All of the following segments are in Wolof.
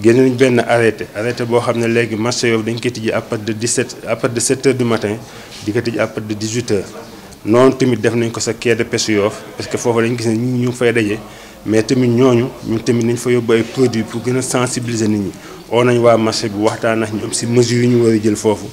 génnuñ benn arrêté arrêté boo xam ne léegi marché Yoff dañ ko tijji à partir de 17 à partir de 7 heures du matin di ko tijji à partir de 18 heures Non, tamit def nañ ko sa quai de pêche Yoff parce que fofu lañ gis ni ñu fay dajé mais tamit ñooñu ñu tamit nañ fa yóbbu ay produits pour gëna sensibiliser nit ñi on nañ wa marché bi waxtaan ak ñom ci mesure ñu war jël fofu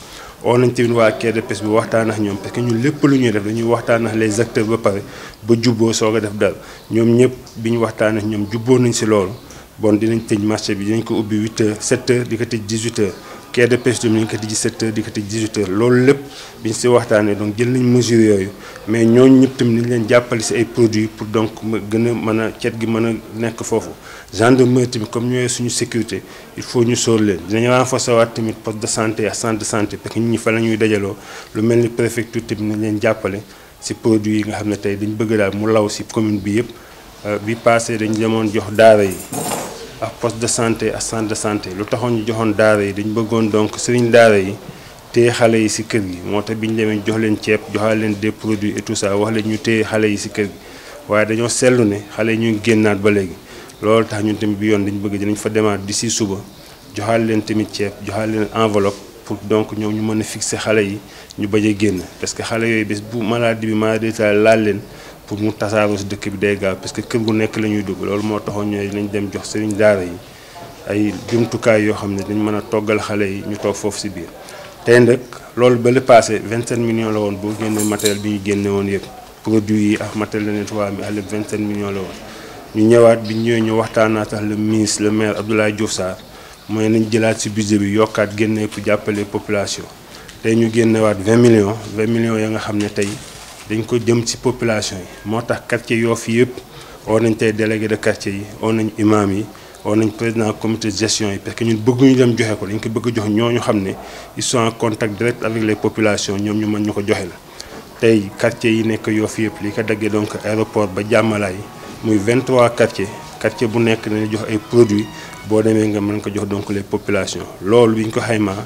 on nañ tamit wa quai de pêche bi waxtaan ak ñom parce que ñun lepp lu ñuy def dañuy waxtaan ak les acteurs ba pare ba jubbo soog def dal ñom ñëpp biñu ñu waxtaan ak ñom jubbo nañ ci lolu bon dinañ tëj marché bi dinañ ko ubbi 8 h 7 h di ko tëj 18 h quai de pêche tamit dinañ ko tëj 7 h di ko tëj 18 h loolu lépp biñ si waxtaanee donc jël nañ mesure yooyu mais ñooñu ñëpp tamit nañ leen jàppale si ay produits pour donc gën a mën a cet gi mën a nekk foofu gendarmerie tamit comme ñooy suñu sécurité il faut ñu sóor leen dinañ renforcer waat tamit poste de santé ak centre de santé parce que ñi fa la ñuy dajaloo lu mel ni préfecture tamit nañ leen jàppale si produits yi nga xam ne tey dañ bëgg daal mu law si commune bi yëpp euh, bi passé dañ demoon jox daara yi ak poste de santé ak centre de santé lu taxoon ñu joxoon daara yi dañu bëggoon donc sëriñ daara yi téye xale yi si kër gi moo tax bi ñu jox leen ceeb joxaale leen de produits et tout ça wax leen ñu téye xale yi si kër gi waaye dañoo seetlu ne xale yi ñu génnaat ba léegi loolu tax ñun tamit bi yoon dañu bëgg dinañ fa demaat d'ici suba joxaale leen tamit ceeb joxaale leen enveloppe pour donc ñëw ñu mën a fixer xale yi ñu bañ a génn parce que xale yooyu bés bu maladie bi maladie laal leen pour mu tasaaroo si dëkk bi day parce que kër gu nekk la ñuy dugg loolu moo taxoon ñooy nañ dem jox sëriñ daara yi ay jumtukaay yoo xam ne dañ mën a toggal xale yi ñu toog foofu si biir. tey nag loolu ba le passé 27 millions la woon boo génnee matériel bi ñu on woon produit ak matériel de nettoyage mi àll millions la woon. ñu ñëwaat bi ñëwee ñu waxtaanaa tax le ministre le maire Abdoulaye Diouf Sarr mooy nañ jëlaat si budget bi yokkaat génne pour jàppale population tey ñu génnewaat 20 millions 20 millions ya nga xam ne tey. dañ ko jëm ci population yi moo tax quartier Yoff yëpp oo nañ tey délégué de quartier yi oo nañ imam yi oo nañ président comité de gestion yi parce que ñun bëgguñu dem joxe ko dañ ko bëgg jox ñooñu xam ne ils sont en contact direct ñoom ñu mën ñu ko joxe la tey quartier yi nekk Yoff yëpp li ko daggee donc aéroport ba jàmmalaay muy 23 quartier quartier bu nekk dañu jox ay produits boo demee nga mën ko jox donc les populations loolu bi ñu ko xaymaa